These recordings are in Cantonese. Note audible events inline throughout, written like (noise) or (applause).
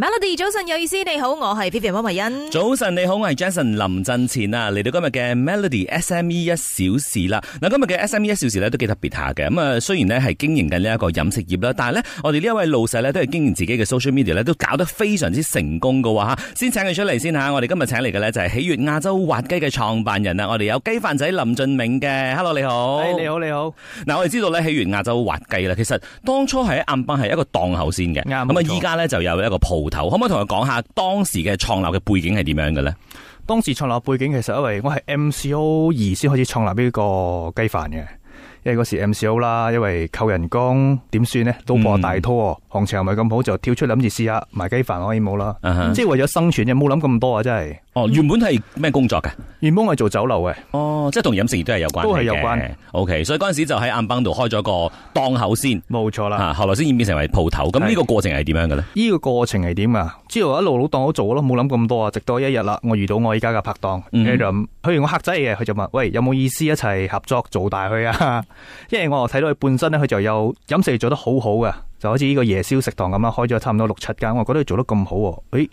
Melody 早晨有意思，你好，我係 Vivian 汪慧欣。早晨你好，我係 Jason 林振前啊，嚟到今日嘅 Melody S M E 一小時啦。嗱，今日嘅 S M E 一小時咧都幾特別下嘅。咁啊，雖然呢係經營緊呢一個飲食業啦，但係呢，我哋呢一位老細呢，都係經營自己嘅 social media 咧都搞得非常之成功噶喎吓。先請佢出嚟先吓，我哋今日請嚟嘅咧就係喜悅亞洲滑雞嘅創辦人啊。我哋有雞飯仔林俊明嘅，Hello 你好，hey, 你好，你好你好。嗱，我哋知道咧喜悅亞洲滑雞啦，其實當初係喺暗巴係一個檔口先嘅，咁啊依家咧就有一個鋪。頭可唔可以同佢講下當時嘅創立嘅背景係點樣嘅咧？當時創立背景其實，因為我係 MCO 二先開始創立呢個雞飯嘅，因為嗰時 MCO 啦，因為扣人工點算咧都破大拖，哦，嗯、行情又唔係咁好，就跳出諗住試下賣雞飯可以冇啦，啊、哈即係為咗生存啫，冇諗咁多啊，真係。原本係咩工作嘅？原本我係做酒樓嘅。哦，即係同飲食業都係有關嘅。都係有關。Okay，所以嗰陣時就喺暗幫度開咗個檔口先，冇錯啦。啊，後來先演變成為鋪頭咁呢個過程係點樣嘅咧？呢個過程係點啊？之後一路老檔口做咯，冇諗咁多啊。直到一日啦，我遇到我依家嘅拍檔，佢就佢係我黑仔嘅，佢就問：，喂，有冇意思一齊合作做大去啊？ (laughs) 因為我睇到佢本身咧，佢就有飲食業做得好好嘅，就好似呢個夜宵食堂咁樣，開咗差唔多六七間。我覺得佢做得咁好，誒。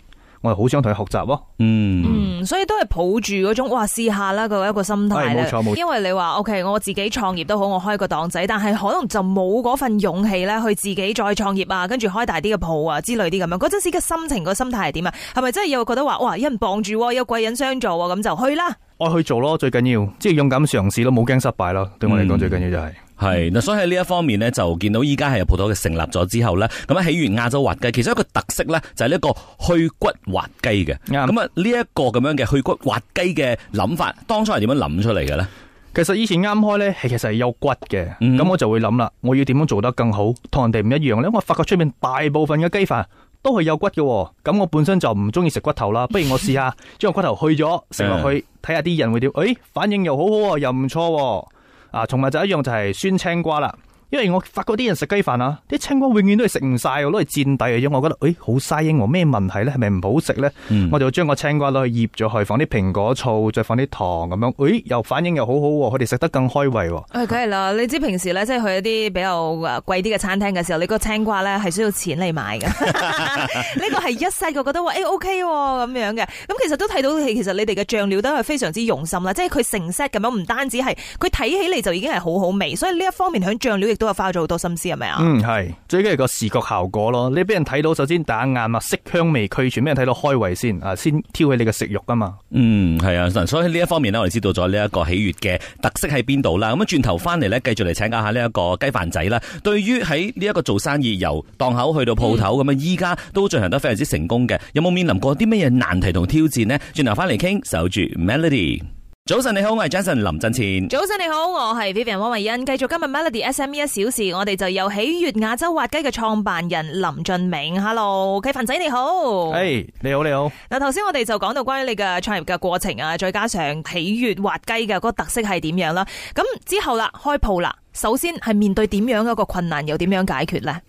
我好想同佢學習咯，嗯嗯，所以都係抱住嗰種，哇，試下啦，佢一個心態啦。哎、冇錯冇錯，因為你話，OK，我自己創業都好，我開個檔仔，但係可能就冇嗰份勇氣咧，去自己再創業啊，跟住開大啲嘅鋪啊之類啲咁樣。嗰陣時嘅心情個心態係點啊？係咪真係又覺得話，哇，有人傍住，有貴人相助，咁就去啦。愛去做咯，最緊要，即係勇敢嘗試咯，冇驚失敗咯，對我嚟講、嗯、最緊要就係、是。係嗱，所以喺呢一方面呢，就見到依家係有葡萄嘅成立咗之後呢。咁樣起源亞洲滑雞，其實一個特色呢，就係呢一個去骨滑雞嘅。咁啊、嗯，呢一個咁樣嘅去骨滑雞嘅諗法，當初係點樣諗出嚟嘅呢？其實以前啱開呢，係其實係有骨嘅，咁、嗯、我就會諗啦，我要點樣做得更好，同人哋唔一樣咧。我發覺出面大部分嘅雞飯。都係有骨嘅、喎，咁我本身就唔中意食骨頭啦，不如我試下將個 (laughs) 骨頭去咗食落去，睇下啲人會點？誒、哎，反應又好好、喎，又唔錯、喎，啊，同埋就一樣就係、是、酸青瓜啦。因為我發覺啲人食雞飯啊，啲青瓜永遠都係食唔曬，都係墊底嘅啫。我覺得誒好嘥英喎，咩、欸、問題咧？係咪唔好食咧？嗯、我就將個青瓜攞去醃咗，去放啲蘋果醋，再放啲糖咁樣。誒、欸，又反應又好好喎，佢哋食得更開胃喎。梗係啦、嗯，你知平時咧，即係去一啲比較誒貴啲嘅餐廳嘅時候，你個青瓜咧係需要錢嚟買㗎。呢個係一世個覺得誒、欸、OK 喎、哦、咁樣嘅。咁其實都睇到，其實你哋嘅醬料都係非常之用心啦。即係佢成 set 咁樣，唔單止係佢睇起嚟就已經係好好味，所以呢一方面喺醬料亦都。個花咗好多心思係咪啊？是是嗯，係，最緊係個視覺效果咯。你俾人睇到，首先打眼嘛，色香味俱全，俾人睇到開胃先啊，先挑起你嘅食欲噶嘛。嗯，係啊，所以呢一方面呢，我哋知道咗呢一個喜悅嘅特色喺邊度啦。咁啊，轉頭翻嚟呢，繼續嚟請教下呢一個雞飯仔啦。對於喺呢一個做生意，由檔口去到鋪頭咁樣，依家、嗯、都進行得非常之成功嘅，有冇面臨過啲咩嘢難題同挑戰呢？轉頭翻嚟傾，守住 Melody。早晨你好，我係 Jason 林振前。早晨你好，我係 Vivian 汪慧欣。繼續今日 Melody SME 一小時，我哋就由喜悅亞洲滑雞嘅創辦人林俊明，Hello，雞粉仔你好。誒、hey，你好你好。嗱，頭先我哋就講到關於你嘅創業嘅過程啊，再加上喜悅滑雞嘅嗰個特色係點樣啦。咁之後啦，開鋪啦，首先係面對點樣一個困難，又點樣解決呢？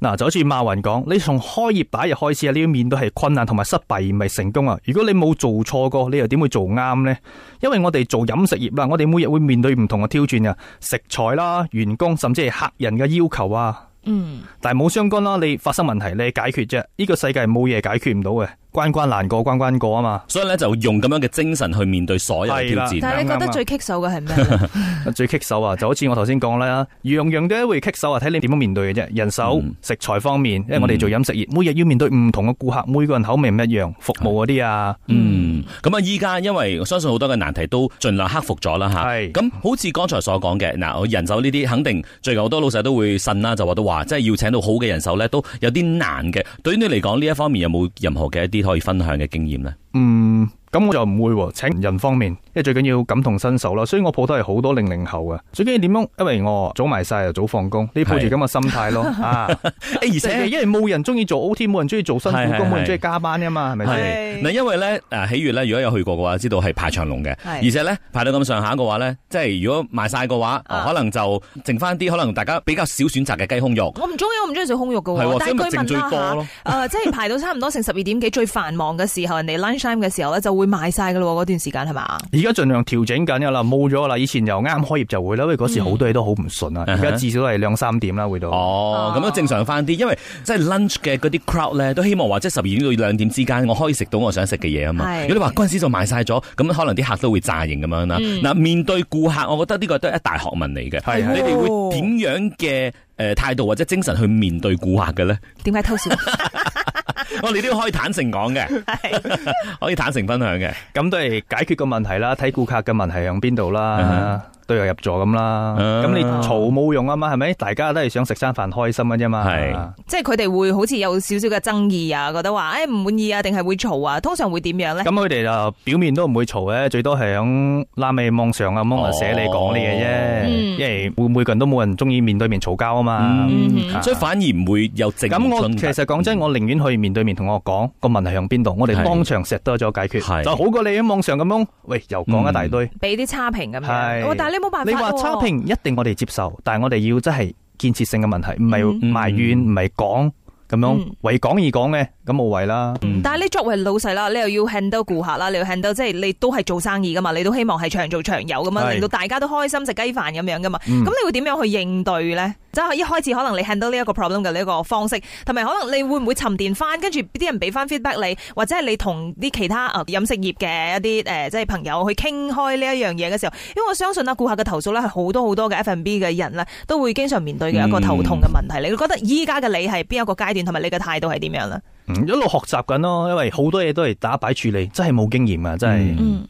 嗱、啊，就好似馬雲講，你從開業第一日開始啊，你要面對係困難同埋失敗，而唔係成功啊。如果你冇做錯過，你又點會做啱呢？因為我哋做飲食業啦，我哋每日會面對唔同嘅挑戰啊，食材啦、員工甚至係客人嘅要求啊。嗯，但係冇相干啦，你發生問題你係解決啫。呢、這個世界冇嘢解決唔到嘅。關關難過關關過啊嘛，所以咧，就用咁樣嘅精神去面對所有嘅挑戰。的但係你覺得最棘手嘅係咩？ (laughs) (laughs) 最棘手啊，就好似我頭先講啦，樣樣都會棘手啊，睇你點樣面對嘅啫。人手，嗯、食材方面，因為我哋做飲食業，嗯、每日要面對唔同嘅顧客，每個人口味唔一樣，服務嗰啲啊，的嗯，咁啊，依家因為我相信好多嘅難題都盡量克服咗啦吓。係咁的，好似剛才所講嘅嗱，我人手呢啲肯定最近好多老細都會呻啦，就話都話，即係要請到好嘅人手咧，都有啲難嘅。對於你嚟講，呢一方面有冇任何嘅一啲？可以分享嘅經驗咧。嗯。咁我就唔會請人方面，因為最緊要感同身受咯。所以我鋪頭係好多零零後啊，最緊要點樣？因為我早埋晒又早放工，你抱住咁嘅心態咯。啊，而且因為冇人中意做 O.T.，冇人中意做辛苦工，冇人中意加班啊嘛，係咪嗱，因為咧，誒喜悅咧，如果有去過嘅話，知道係排長龍嘅，而且咧排到咁上下嘅話咧，即係如果賣晒嘅話，可能就剩翻啲可能大家比較少選擇嘅雞胸肉。我唔中意，我唔中意食胸肉嘅喎。但係據問啦嚇，誒即係排到差唔多成十二點幾最繁忙嘅時候，人哋 lunchtime 嘅時候咧就，會賣晒噶咯，嗰段時間係嘛？而家盡量調整緊噶啦，冇咗噶啦。以前又啱啱開業就會啦，因為嗰時好多嘢都好唔順啊。而家、嗯、至少都係兩三點啦，會到。哦，咁、啊、樣正常翻啲，因為即係 lunch 嘅嗰啲 crowd 咧，都希望話即係十二點到兩點之間，我可以食到我想食嘅嘢啊嘛。是如果你話嗰陣時就賣晒咗，咁可能啲客都會炸營咁樣啦。嗱、嗯，面對顧客，我覺得呢個都係一大學問嚟嘅。的你哋會點樣嘅誒態度或者精神去面對顧客嘅咧？點解偷笑？ (laughs) 我哋都可以坦誠講嘅， (laughs) (laughs) 可以坦誠分享嘅，咁都係解決個問題啦，睇顧客嘅問題響邊度啦。 (laughs) (laughs) 都有入座咁啦，咁你嘈冇用啊嘛，係咪？大家都係想食餐飯開心啊啫嘛。係，即係佢哋會好似有少少嘅爭議啊，覺得話，誒唔滿意啊，定係會嘈啊？通常會點樣咧？咁佢哋就表面都唔會嘈嘅，最多係響拉眉網上啊，咁啊寫你講啲嘢啫。嗯，因為每每個人都冇人中意面對面嘈交啊嘛，所以反而唔會有正咁。我其實講真，我寧願去面對面同我講個問題向邊度，我哋當場石多咗解決，就好過你喺網上咁樣，喂又講一大堆，俾啲差評咁樣。但係呢？啊、你話差評一定我哋接受，但係我哋要真係建設性嘅問題，唔係、嗯、埋怨，唔係講咁樣為講而講嘅。無謂啦，但係你作為老細啦，你又要 handle 顧客啦，你要 handle 即係你都係做生意噶嘛，你都希望係長做長有噶嘛，是令到大家都開心食雞飯咁樣噶嘛。咁、嗯、你會點樣去應對咧？就係一開始可能你 handle 呢一個 problem 嘅呢一個方式，同埋可能你會唔會沉澱翻，跟住啲人俾翻 feedback 你，或者係你同啲其他啊飲食業嘅一啲誒即係朋友去傾開呢一樣嘢嘅時候，因為我相信啊顧客嘅投訴咧係好多好多嘅，F&B 嘅人咧都會經常面對嘅一個頭痛嘅問題。嗯、你覺得依家嘅你係邊一個階段，同埋你嘅態度係點樣咧？嗯、一路學習緊咯，因為好多嘢都係打擺處理，真係冇經驗啊，真係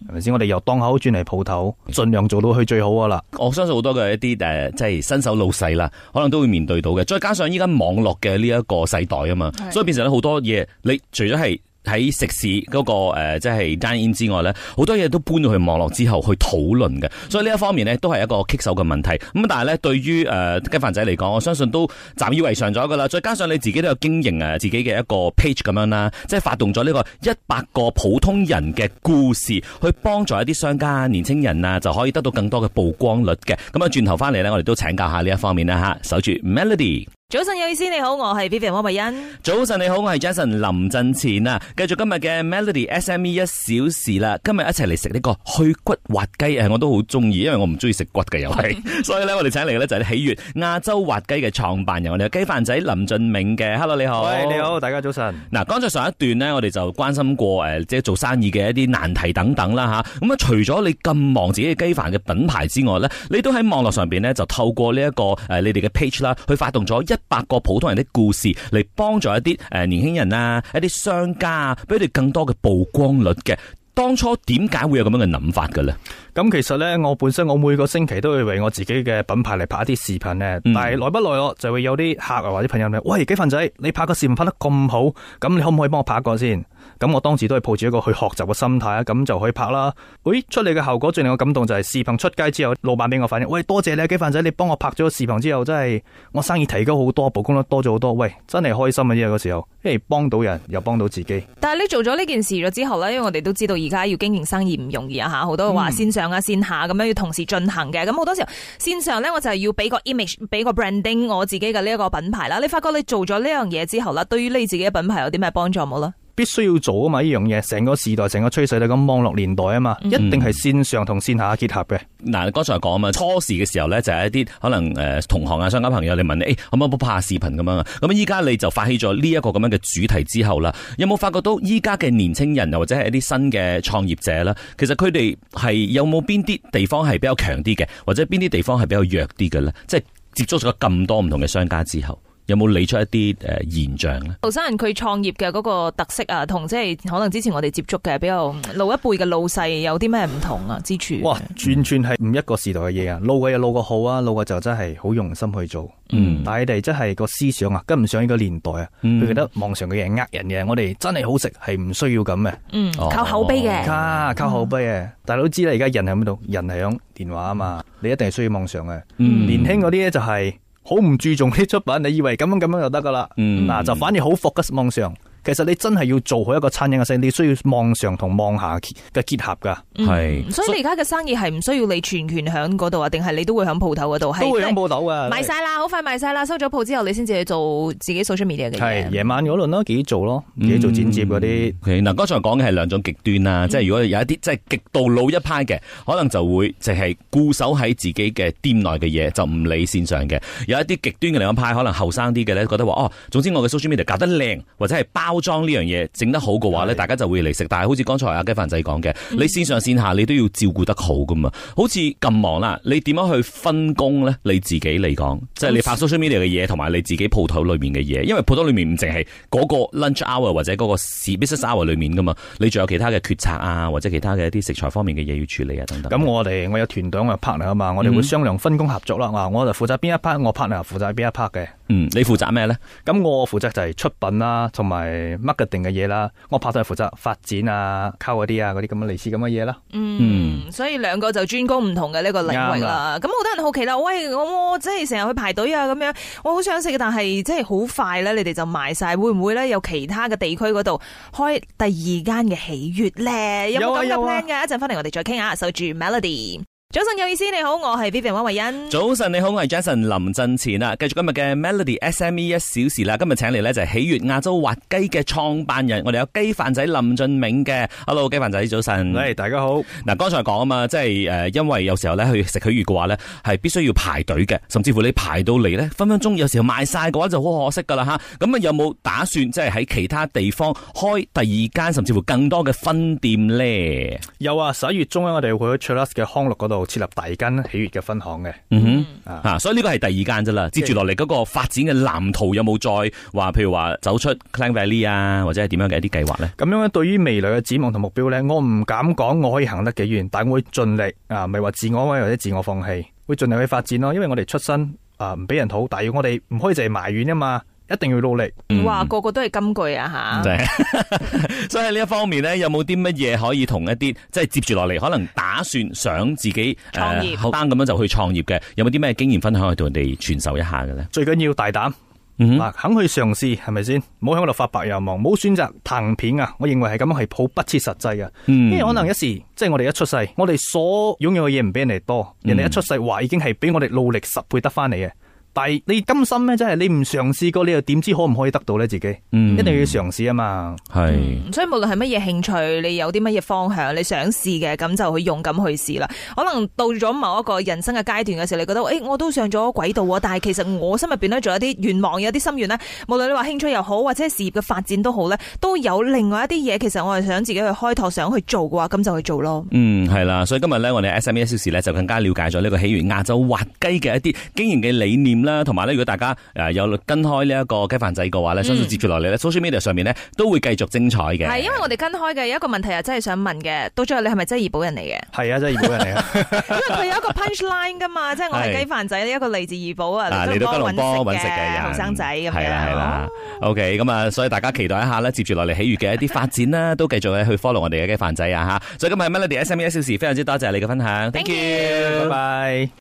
係咪先？嗯、我哋由檔口轉嚟鋪頭，盡量做到去最好噶啦。嗯、我相信好多嘅一啲誒，即、呃、係、就是、新手老細啦，可能都會面對到嘅。再加上依家網絡嘅呢一個世代啊嘛，是所以變成好多嘢，你除咗係。喺食肆嗰、那個誒、呃，即係 dining 之外咧，好多嘢都搬到去網絡之後去討論嘅，所以呢一方面咧都係一個棘手嘅問題。咁但係咧，對於誒雞飯仔嚟講，我相信都習以為常咗噶啦。再加上你自己都有經營啊，自己嘅一個 page 咁樣啦，即係發動咗呢個一百個普通人嘅故事，去幫助一啲商家、年青人啊，就可以得到更多嘅曝光率嘅。咁啊，轉頭翻嚟呢，我哋都請教下呢一方面啦吓，守住 Melody。早晨，有意思，你好，我係 Vivian 柯慧欣。早晨你好，我係 Jason 林振前啊，繼續今日嘅 Melody SME 一小時啦。今日一齊嚟食呢個去骨滑雞誒，我都好中意，因為我唔中意食骨嘅又係， (laughs) 所以咧我哋請嚟嘅就係喜悅亞洲滑雞嘅創辦人，我哋嘅雞飯仔林俊明嘅。Hello，你好，你好，大家早晨。嗱，剛才上一段呢，我哋就關心過誒，即係做生意嘅一啲難題等等啦吓。咁啊，除咗你咁忙自己嘅雞飯嘅品牌之外呢，你都喺網絡上邊呢，就透過呢、這、一個誒、啊、你哋嘅 page 啦，去發動咗一百個普通人的故事嚟幫助一啲誒年輕人啊，一啲商家啊，俾佢哋更多嘅曝光率嘅。當初點解會有咁樣嘅諗法嘅咧？咁其實咧，我本身我每個星期都會為我自己嘅品牌嚟拍一啲視頻咧，嗯、但係耐不耐我就會有啲客啊或者朋友咧，喂，幾份仔，你拍個視頻拍得咁好，咁你可唔可以幫我拍一個先？咁我當時都係抱住一個去學習嘅心態啦，咁就可以拍啦。咦、哎，出嚟嘅效果最令我感動就係視頻出街之後，老闆俾我反應，喂，多謝你雞飯仔，你幫我拍咗個視頻之後，真係我生意提高好多，曝光率多咗好多，喂，真係開心啊！因為嗰時候因為幫到人又幫到自己。但係你做咗呢件事咗之後呢，因為我哋都知道而家要經營生意唔容易啊吓，好多話線上啊線下咁樣要同時進行嘅，咁好多時候線上呢，我就係要俾個 image，俾個 branding 我自己嘅呢一個品牌啦。你發覺你做咗呢樣嘢之後啦，對於你自己嘅品牌有啲咩幫助冇咧？必須要做啊嘛！呢樣嘢，成個時代，成個趨勢就咁，網絡年代啊嘛，嗯、一定係綫上同綫下結合嘅。嗱、嗯，你剛才講啊嘛，初時嘅時候呢，就係一啲可能誒，同行啊、商家朋友你問你，誒、欸，可唔可唔可幫我拍下視頻咁樣啊？咁啊，依家你就發起咗呢一個咁樣嘅主題之後啦，有冇發覺到依家嘅年輕人又或者係一啲新嘅創業者啦？其實佢哋係有冇邊啲地方係比較強啲嘅，或者邊啲地方係比較弱啲嘅呢？即係接觸咗咁多唔同嘅商家之後。有冇理出一啲誒現象咧？後生人佢創業嘅嗰個特色啊，同即係可能之前我哋接觸嘅比較老一輩嘅老細有啲咩唔同啊之處？哇，完全係唔一個時代嘅嘢啊！老嘅有老個好啊，老嘅就真係好用心去做，嗯、但係你哋真係個思想啊跟唔上呢個年代啊，佢、嗯、覺得網上嘅嘢呃人嘅，我哋真係好食係唔需要咁嘅，嗯，靠口碑嘅，哦哦、靠靠口碑嘅，但係都知啦，而家人係度？人係響電話啊嘛，你一定係需要網上嘅，嗯、年輕嗰啲咧就係。好唔注重啲出品，你以為咁樣咁樣就得噶啦？嗯，嗱，就反而好 focus 夢想。其實你真係要做好一個餐飲嘅生意，你需要望上同望下嘅結合噶。係、嗯，所以你而家嘅生意係唔需要你全權喺嗰度啊？定係你都會喺鋪頭嗰度？都會喺鋪頭噶，賣晒啦，好快賣晒啦！收咗鋪之後，你先至去做自己 social media 嘅嘢。夜晚嗰輪咯，自己做咯，自己做剪接嗰啲。嗱、嗯，剛才講嘅係兩種極端啦，即係如果有一啲即係極度老一派嘅，嗯、可能就會淨係固守喺自己嘅店內嘅嘢，就唔理線上嘅。有一啲極端嘅兩派，可能後生啲嘅咧，覺得話哦，總之我嘅 social media 搞得靚，或者係包。裝呢樣嘢整得好嘅話咧，是大家就會嚟食。但係好似剛才阿雞飯仔講嘅，嗯、你綫上綫下你都要照顧得好噶嘛。好似咁忙啦，你點樣去分工咧？你自己嚟講，即、就、係、是、你拍 social media 嘅嘢，同埋你自己鋪頭裏面嘅嘢。因為鋪頭裡，裡，裏面唔淨係嗰個 lunch hour 或者嗰個 service hour 裏面噶嘛，你仲有其他嘅決策啊，或者其他嘅一啲食材方面嘅嘢要處理啊等等。咁我哋我有團隊我有 partner 嘛，我哋會商量分工合作啦。嗯、我就負責邊一 part，我 partner 負責邊一 part 嘅。嗯，你負責咩咧？咁我負責就係出品啦，同埋 marketing 嘅嘢啦。我 partner 負責發展啊，溝嗰啲啊，嗰啲咁嘅類似咁嘅嘢啦。嗯，所以兩個就專攻唔同嘅呢個領域啦。咁好多人好奇啦，喂，我我，我即係成日去排隊啊，咁樣，我好想食，但係即係好快咧，你哋就賣晒，會唔會咧有其他嘅地區嗰度開第二間嘅喜悅咧？有冇咁嘅 plan 嘅？一陣翻嚟我哋再傾下守住 Melody。早晨有意思，你好，我係 Vivian 王慧欣。早晨你好，我係 Jason 林振前啊，繼續今日嘅 Melody S M E 一小時啦。今日請嚟咧就係喜悅亞洲滑雞嘅創辦人，我哋有雞飯仔林俊明嘅。Hello 雞飯仔，早晨，hey, 大家好。嗱，剛才講啊嘛，即係誒、呃，因為有時候咧去食喜悅嘅話咧，係必須要排隊嘅，甚至乎你排到嚟咧分分鐘，時有時候賣晒嘅話就好可惜噶啦吓。咁啊有冇打算即係喺其他地方開第二間，甚至乎更多嘅分店咧？有啊，十一月中咧我哋會去 Charles 嘅康樂度，設立第二間喜悦嘅分行嘅，嗯哼、mm，hmm. 啊，啊，所以呢個係第二間啫啦。接住落嚟嗰個發展嘅藍圖有冇再話，譬如話走出 Klang Valley 啊，或者係點樣嘅一啲計劃咧？咁樣對於未來嘅展望同目標咧，我唔敢講我可以行得幾遠，但我會盡力啊，唔係話自我安慰或者自我放棄，會盡力去發展咯。因為我哋出身啊，唔俾人討，但係我哋唔可以淨係埋怨啊嘛。一定要努力，哇、嗯！個個都係金句啊吓，不行 (laughs) 所以喺呢一方面呢，有冇啲乜嘢可以同一啲即係接住落嚟，可能打算想自己創業，好生咁樣就去創業嘅，有冇啲咩經驗分享去同人哋傳授一下嘅呢？最緊要大膽，嗯哼，肯去嘗試係咪先？唔好喺度發白日夢，唔好選擇騰片啊！我認為係咁樣係好不切實際啊！嗯、因為可能一時即係、就是、我哋一出世，我哋所擁有嘅嘢唔比人哋多，人哋一出世話已經係比我哋努力十倍得翻嚟嘅。但係你甘心咩？真係你唔嘗試過，你又點知可唔可以得到呢？自己、嗯，一定要嘗試啊！嘛，係是。嗯、所以無論係乜嘢興趣，你有啲乜嘢方向，你想試嘅，咁就去勇敢去試啦。可能到咗某一個人生嘅階段嘅時候，你覺得誒、欸，我都上咗軌道啊！但係其實我心入邊咧，仲有啲願望，有啲心願呢。無論你話興趣又好，或者事業嘅發展都好呢，都有另外一啲嘢。其實我係想自己去開拓，想去做嘅話，咁就去做咯。嗯，係啦。所以今日呢，我哋 SME 一小時就更加了解咗呢個起源亞洲滑雞嘅一啲經營嘅理念。同埋咧，如果大家誒有、呃、跟開、嗯、呢一個雞飯仔嘅話咧，相信接住落嚟咧，social media 上面咧都會繼續精彩嘅。係，因為我哋跟開嘅有一個問題又真係想問嘅，到最後你係咪真係怡保人嚟嘅？係啊，真係怡保人嚟啊，因為佢有一個 punch line 噶嘛，即係我係雞飯仔，呢的一個嚟自怡保啊，嚟到吉隆坡搵食嘅後生仔咁樣。係啦，係啦、哦、，OK，咁啊，所以大家期待一下咧，接住落嚟喜悦嘅一啲發展啦， (laughs) 都繼續咧去 follow 我哋嘅雞飯仔啊吓。所以今日係乜咧？我哋 S M E Show, 一小時 (laughs) 非常之多謝你嘅分享，thank you，拜拜。